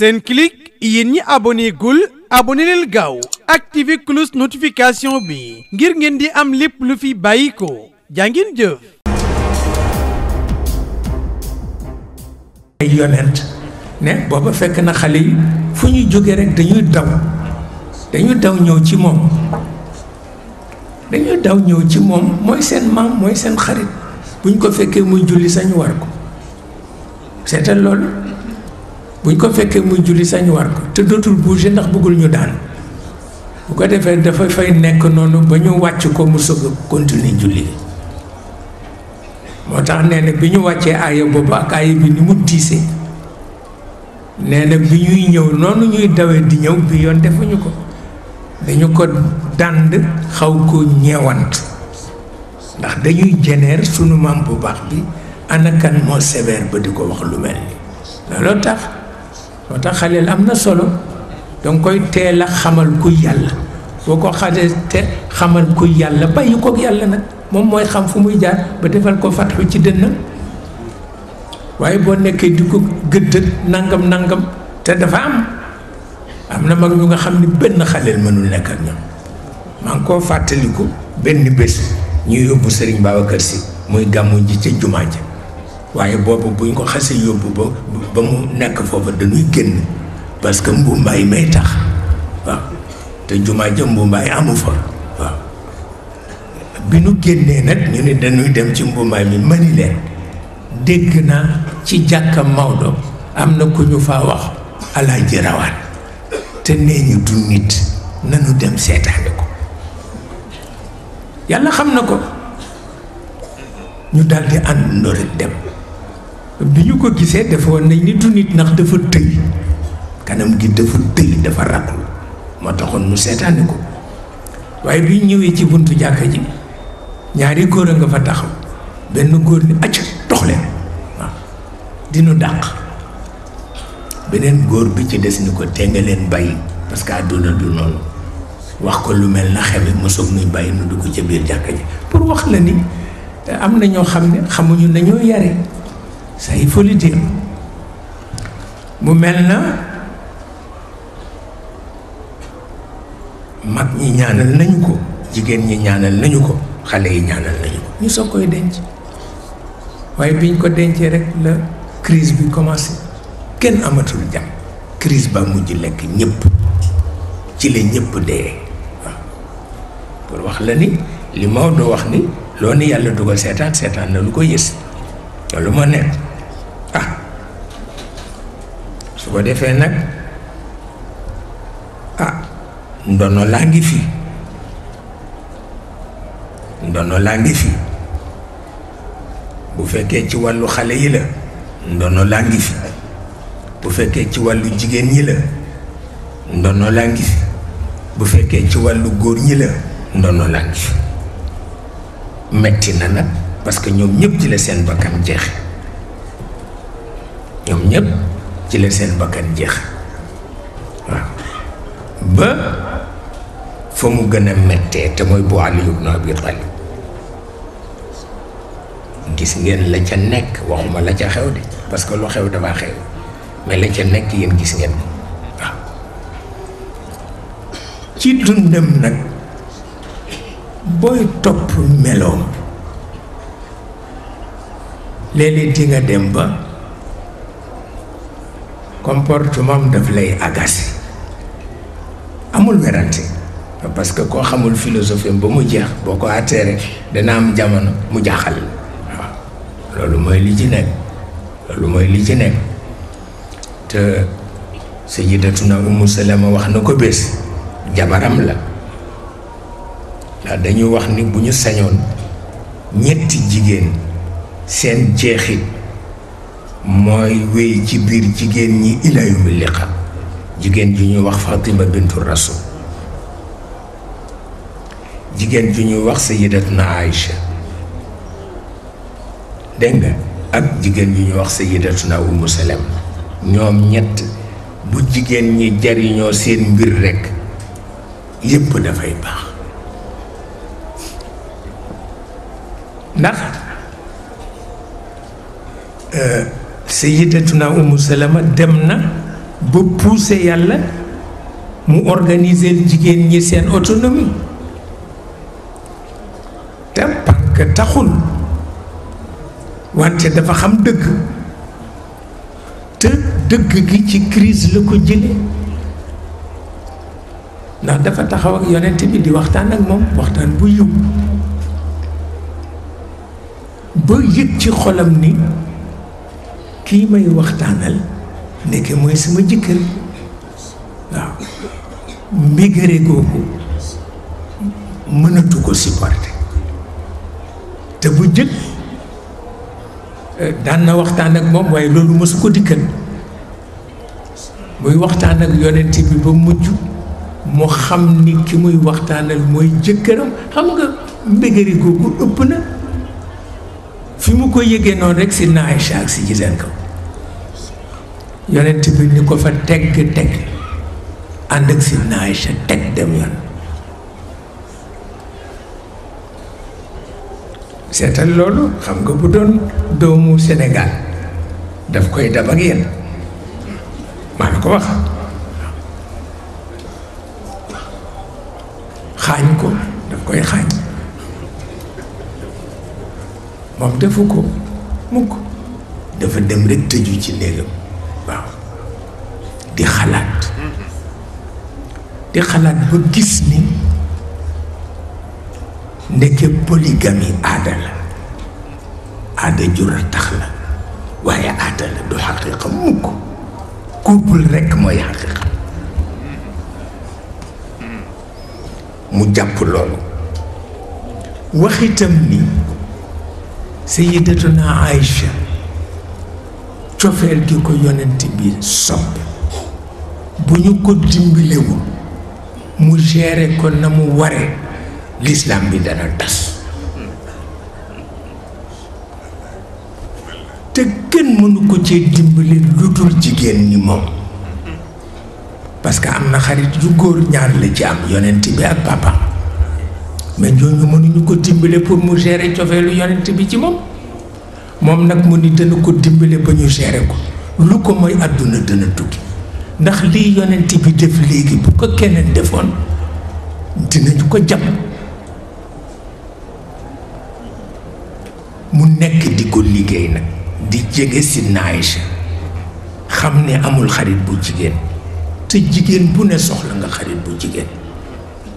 Senclic yéen ñi abonné gul abonné leen gaaw ak cloche notification bi ngir ngeen di am lépp lu fi bàyyi ko jàngin jëf. ay yonent ne booba fekk na xale yi fu ñuy jóge rek dañuy daw dañuy daw ñëw ci moom dañuy daw ñëw ci moom mooy seen maam mooy seen xarit bu ñu ko fekkee muy julli sañu war ko seetal loolu. buñ ko fekkee muy julli sañ war ko te dootul bouger ndax bëggul ñu daan bu ko defee dafa fay nekk noonu ba ñu wàcc ko mu sëgg continuer julli moo tax nee na bi ñu wàccee aaya boobu ak aaya ni mu tiisee nee na bi ñuy ñëw noonu ñuy dawee di ñëw bi yoon defuñu ko dañu ko dànd xaw ko ñeewant ndax dañuy jeneer sunu maam bu baax bi anakan moo sévère ba di ko wax lu mel ni looloo tax moo tax xaleel am na solo danga koy teel a xamal kuy yàlla boo ko xalee te xamal kuy yàlla bàyyi kook yàlla nag moom mooy xam fu muy jaar ba defal ko fatxu ci dënnam waaye boo nekkee di ko gëddët nangam nangam te dafa am am na mag ñu nga xam ni benn xaleel mënul nekk ak ñoom maa ngi koo fàttaliku benn bés ñu yóbbu sëriñ Serigne Babacar Sy muy gàmmu ji ca jumaa ja waaye boobu buñ ko xasee yóbbu ba ba mu nekk foofa dañuy génn parce que mbuumbaay may tax waaw te jumaa ja mbuumbaay amu fa waaw bi nu génnee nag ñu ne dañuy dem ci mbuumbaay mi mani leen dégg naa ci jàkka Maodo am na ku ñu faa wax alaaji rawaan te nee ñu du nit nanu dem seetaane ko yàlla xam na ko ñu daldi ànd ndóorit dem bi ñu ko gisee dafa woon nañ nitu nit ndax dafa tëy kanam gi dafa tëy dafa ràqul moo taxoon mu seetaane ko waaye bi ñëwee ci buntu jàkka ji ñaari góor a nga fa taxaw benn góor ni acc dox leen waaw dinu dàq beneen góor bi ci des ni ko te nga leen bàyyi parce que àdduna du noonu wax ko lu mel na xewe mosoog nuñ bàyyi nu dugg ca biir jàkka ji pour wax la ni am na ñoo xam ne xamuñu nañoo yare ça il faut mu mel na mag ñi ñaanal nañu ko jigéen ñi ñaanal nañu ko xale yi ñaanal nañu ko ñu soog koy denc waaye biñ ko dencee rek la crise bi commencé kenn amatul jàmm crise ba mujj lekk ñëpp ci la ñëpp dee waaw pour wax la ni li Maodo wax ni loo ne yàlla dugal seetaan seetaan na lu ko yës loolu moo nekk ah su ko defee nag ah ndono laa ngi fi ndono laa ngi fi bu fekkee ci wàllu xale yi la ndono laa ngi fi bu fekkee ci wàllu jigéen ñi la ndono laa ngi fi bu fekkee ci wàllu góor ñi la ndono laa ngi fi metti na nag parce que ñoom ñëpp ci la seen bakkan jeexe ñoom ñëpp ci la seen bakkan jeex waaw ba fa mu gën a mettee te mooy bu Ali ibn Abi Talib gis ngeen la ca nekk waxuma la ca xew de parce que lu xew dafa xew mais la ca nekk yéen gis ngeen ko waaw ci dundam nag booy topp meloom léeg-léeg dem ba comportement daf lay agacé amul werante parce que koo xamul philosophie ba mu jeex boo ko atteere dana am jamono mu jaaxal waaw loolu mooy li ci nekk loolu mooy li ci nekk te sayyidatuna Umu Salama wax na ko bés jabaram la ndax dañuy wax ni bu ñu sañoon ñetti jigéen seen jeexit mooy wéy ci biir jigéen ñi ila yawmi jigéen ju ñuy wax Fatima bintu Rasul jigéen ju ñu wax Sayyidatuna Aïcha dégg nga ak jigéen ju ñuy wax na Umu Salam ñoom ñett bu jigéen ñi jariñoo seen mbir rekk yépp dafay baax ndax euh, sayyidatuna umu salama dem na ba pousser yàlla mu organiser jigéen ñi seen autonomie te parce taxul wante dafa xam dëgg te dëgg gi ci crise la ko jële ndax dafa taxaw ak yonent bi di waxtaan ak moom waxtaan bu yiw ba yëg ci xolam ni kii may waxtaanal ndeke mooy sama jëkkër waaw mbigëre googu mënatu ko supporter te bu jëkk eh, daan na waxtaan ak moom waaye loolu mësu ko dikkan muy waxtaan ak yonent bi ba mujj mu xam ni ki muy waxtaanal mooy jëkkëram xam nga mbégéri googu ëpp na fi mu ko yëgee noonu rek si na Aïcha ak si jiseen kaw yonent bi ni ko fa teg tegg ànd ak Sidna Aïcha teg dem yoon seetal loolu xam nga bu doon doomu senegaal daf koy dab ak yéen maa la ko wax xaañ ko daf koy xaañ moom defu ko mukk dafa dem rek tëju ci néegam di xalaat di xalaat ba gis ni ndeke polygamie aada la aada jur la waaye aada du xaqiiqa mukk couple rekk mooy xaqiiqa mu jàpp loolu waxitam ni Sayyidatuna Aïcha cofeel gi ko yonent bi sopp bu ñu ko dimbalewul mu géré ko na mu waree l'islam bi dana tas te kenn mënu ko ci dimbali lu dul jigéen ñi moom parce que am na xarit yu góor ñaar la ci am yonent bi ak papa mais ñooñu mënuñu ko dimbale pour mu gérer cofeelu yonent bi ci moom moom nag mu ni dana ko dimbale ba ñu gérer ko lu ko moy àdduna dëna tukki ndax lii yonent bi def léegi bu ko keneen defoon dinañu ko jam mu nekk di ko liggéey nag di jege si naaysa xam ni amul xarit bu jigéen te jigéen bu ne soxla nga xarit bu jigéen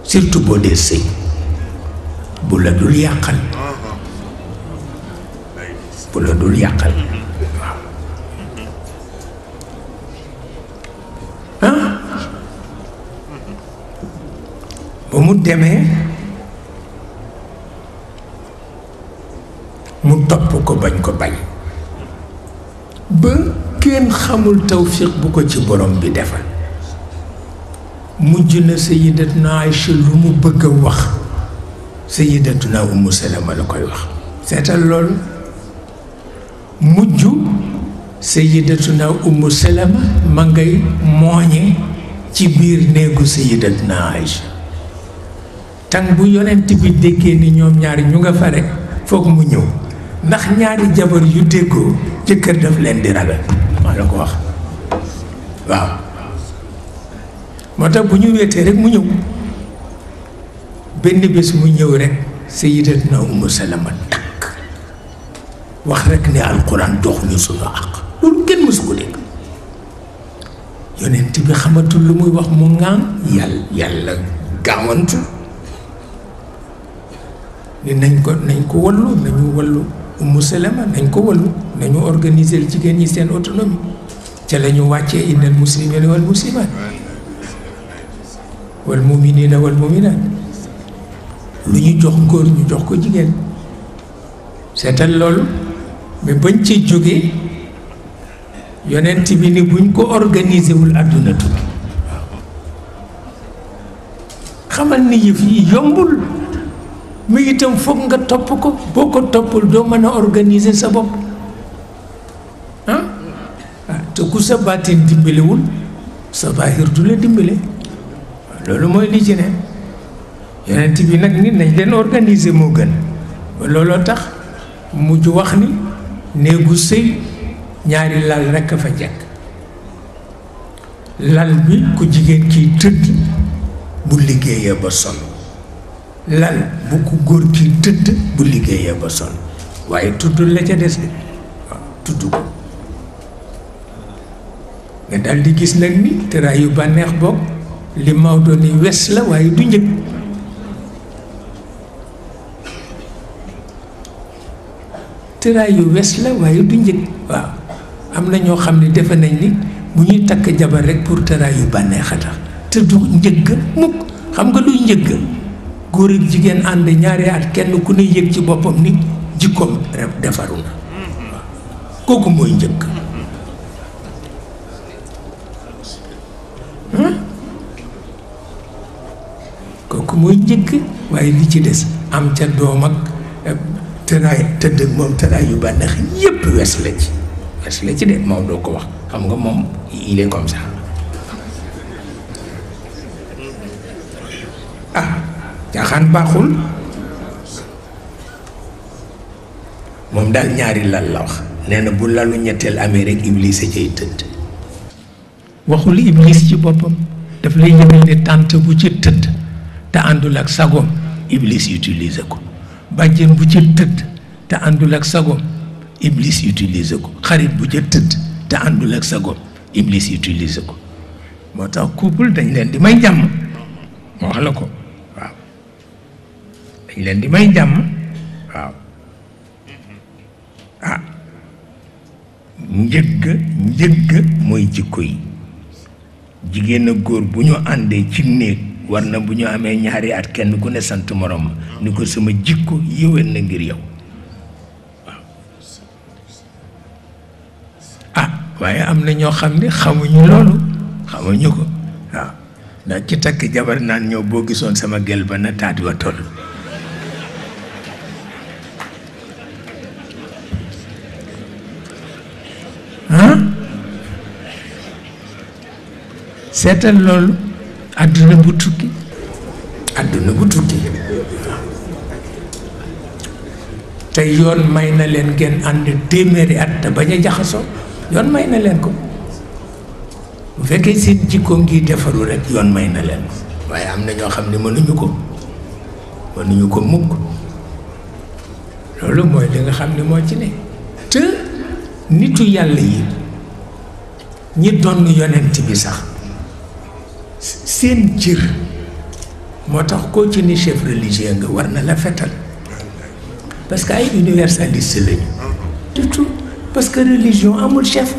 surtout boo dee sëy bu la dul yàqal bu la dul yàqal mu demee mu topp ko bañ ko bañ ba kenn xamul tawfiq bu ko ci borom bi defal mujj na sayidatuna Aïcha lu mu bëgg a wax sayidatuna Umu Salama la koy wax seetal lool mujj sayidatuna Umu Salama ma ngay mooñe ci biir néegu sayidatuna Aïcha tan bu yonent bi déggee ni ñoom ñaari ñu nga fa rek foog mu ñëw ndax ñaari jabar yu déggoo jëkkër daf leen di ragal maa la ko wax waaw moo tax bu ñu wéetee rek mu ñëw benn bés mu ñëw rek sayyidatna Umu Salama takk wax rek ne alquran jox ñu suñu àq loolu kenn mësu ko dégg yonent bi xamatul lu muy wax mu ŋaam yàlla gaawantu ni nañ ko nañ ko wallu nañu wallu Umu Salama nañ ko wallu nañu organiser jigéen ñi seen autonomie ca la ñu wàccee innal muslimina wal muslimat wal muminina wal muminat lu ñu jox góor ñu jox ko jigéen seetal loolu mais bañ ci jógee yonent bi ni buñ ko organiser wul àdduna xamal ni yëf yi yombul mu itam foog nga topp ko boo ko toppul doo mën a organiser sa bopp ah, ah te ku sa baatin dimbalewul sa baahir du la dimbale loolu mooy li ci ne yonent bi nag ni nañ leen organiser moo gën looloo tax mujj wax ni néegu sëy ñaari lal rekk a fa jekk lal bi ku jigéen kiy tëdd bu liggéeyee ba solo lan bu ko góor kii tëdd bu liggéeyee ba sonn waaye tudd la ca des de waaw tudd ko nga daal gis nag ni tëraay yu bànneex bokk li Maodo ni wes la waaye du njëg tëraay yu wes la waaye du njëg waaw am na ñoo xam ne defe nañ ni bu ñuy takk jabar rek pour tëraay yu bànneex a tax te du njëgg mukk xam nga luy njëgg góor ak jigéen ànd ñaari at kenn ku ne yëg ci boppam nit jikkoom defaru na waaw mm-hmm. kooku mooy njëkk mm-hmm. hmm? kooku mooy njëkk waaye li ci des am ca doom tëdd ak moom tëraay yu bànneex yépp wes ci wes ci de moom doo ko wax xam nga moom il est comme ça caaxaan baaxul moom daal ñaari lal la wax nee na bu lalu ñetteel amee rek iblis a cay tëdd waxul iblis ci boppam daf lay yëgal ne tànt bu ci tëdd te àndul ak sagoom iblis utilise ko bàjjen bu ci tëdd te àndul ak sagoom iblis utilise ko xarit bu ci tëdd te àndul ak sagoom iblis utilise ko moo tax couple dañ leen di may jàmm wax la ko dañ leen di may jàmm waaw ah njëgg njëgg mooy jikko yi jigéen góor bu ñu àndee ci néeg war na bu ñu amee ñaari at kenn ku ne sant morom ni ko sama jikko yéwén na ngir yow waaw ah, waaye am na ñoo xam ne xamuñu loolu xamuñu ko waaw ndax ci takk jabar naan ñoo boo gisoon sama gel ba na taat wa seetal loolu àdduna bu tukki àdduna bu tukki te yoon may na leen ngeen ànd téeméeri at te bañ a jaxasoo yoon may na leen ko bu fekkee seen jikko ngi defaru rek yoon may na leen ko waaye am na ñoo xam ne mënuñu ko mënuñu ko mukk loolu mooy li xam ne moo ci ne te nitu yàlla yi ñi doon yonent bi sax seen jër moo tax koo ci ni chef religieux nga war na la fetal parce que ay universaliste lañu du parce que religion amul chef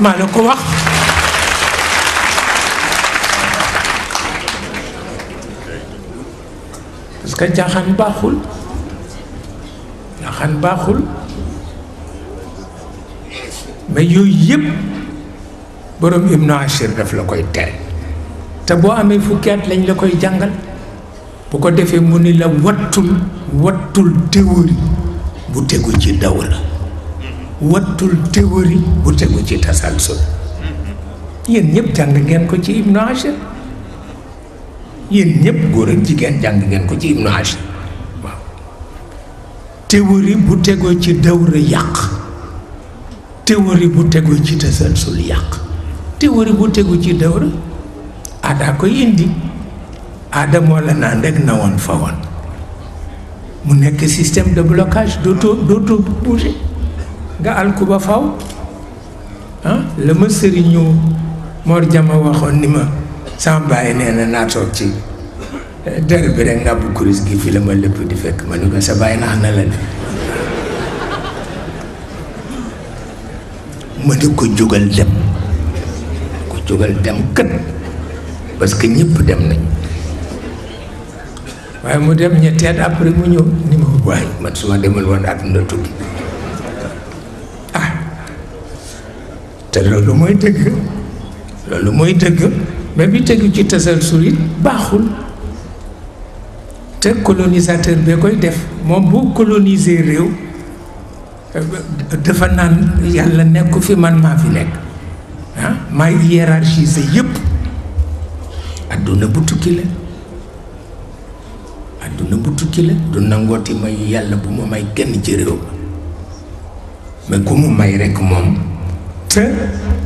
maa la ko wax parce que jaaxaan baaxul jaaxaan baaxul mais yooyu yëpp borom ibnu ashir daf la koy tere te boo amee fukki at lañ la koy jàngal bu ko defee mu ni la wattul wattul théorie bu tegu ci daw la wattul théorie bu ci tasalsul yéen ñëpp jàng ngeen ko ci ibnu ashir yéen ñëpp góor ak jigéen jàng ngeen ko ci ibnu ashir waaw théorie bu tegoo ci dawra yàq théorie bu tegoo ci tasalsul yàq théorie bu tegu ci dawra aadaa koy indi aada moo naan rek na woon fa woon mu nekk système de blocage dootoo dootoo bouger nga alku faw ah, la ma sëriñu Mor Jama waxoon ni ma sama bàyyi nee na naa ci eh, der bi rek nàbbu kuris gi fi la ma lépp di fekk ma ni ko sa bàyyi nax na la de ma ni ko jógal dem jógal dem kët parce que ñëpp dem nañ waaye mu dem ñetteel après mu ñëw ni ma waaye man su ma demal woon àdduna tukki ah te loolu mooy dëgg loolu mooy dëgg mais bi tegu ci tasal surit baaxul te colonisateur bee koy def moom bu coloniser réew dafa naan yàlla nekku fi man maa fi nekk ah maay sa yépp adduna bu tukki la adduna bu tukki la du may yàlla bu ma may genn ci réew ma mais ku mu may rekk moom te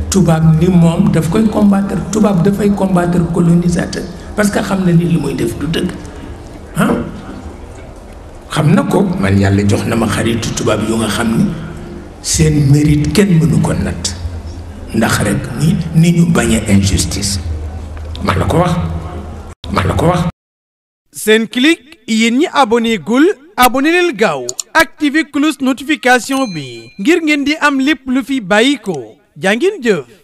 tubaab ni moom daf koy combattre tubaab dafay combattre colonisateur parce que xam na ni li muy def du dëgg xam na ko man yàlla jox na ma xaritu tubaab yu nga xam ni seen mérite kenn mënu ko natt ndax rek ni ni ñu bañ injustice man la ko wax man la ko wax. Senclic yéen ñi abonné gul gaaw leen gaaw activé cloche notification bi ngir ngeen di am lépp lu fi bàyyi ko jaa ngeen jëf.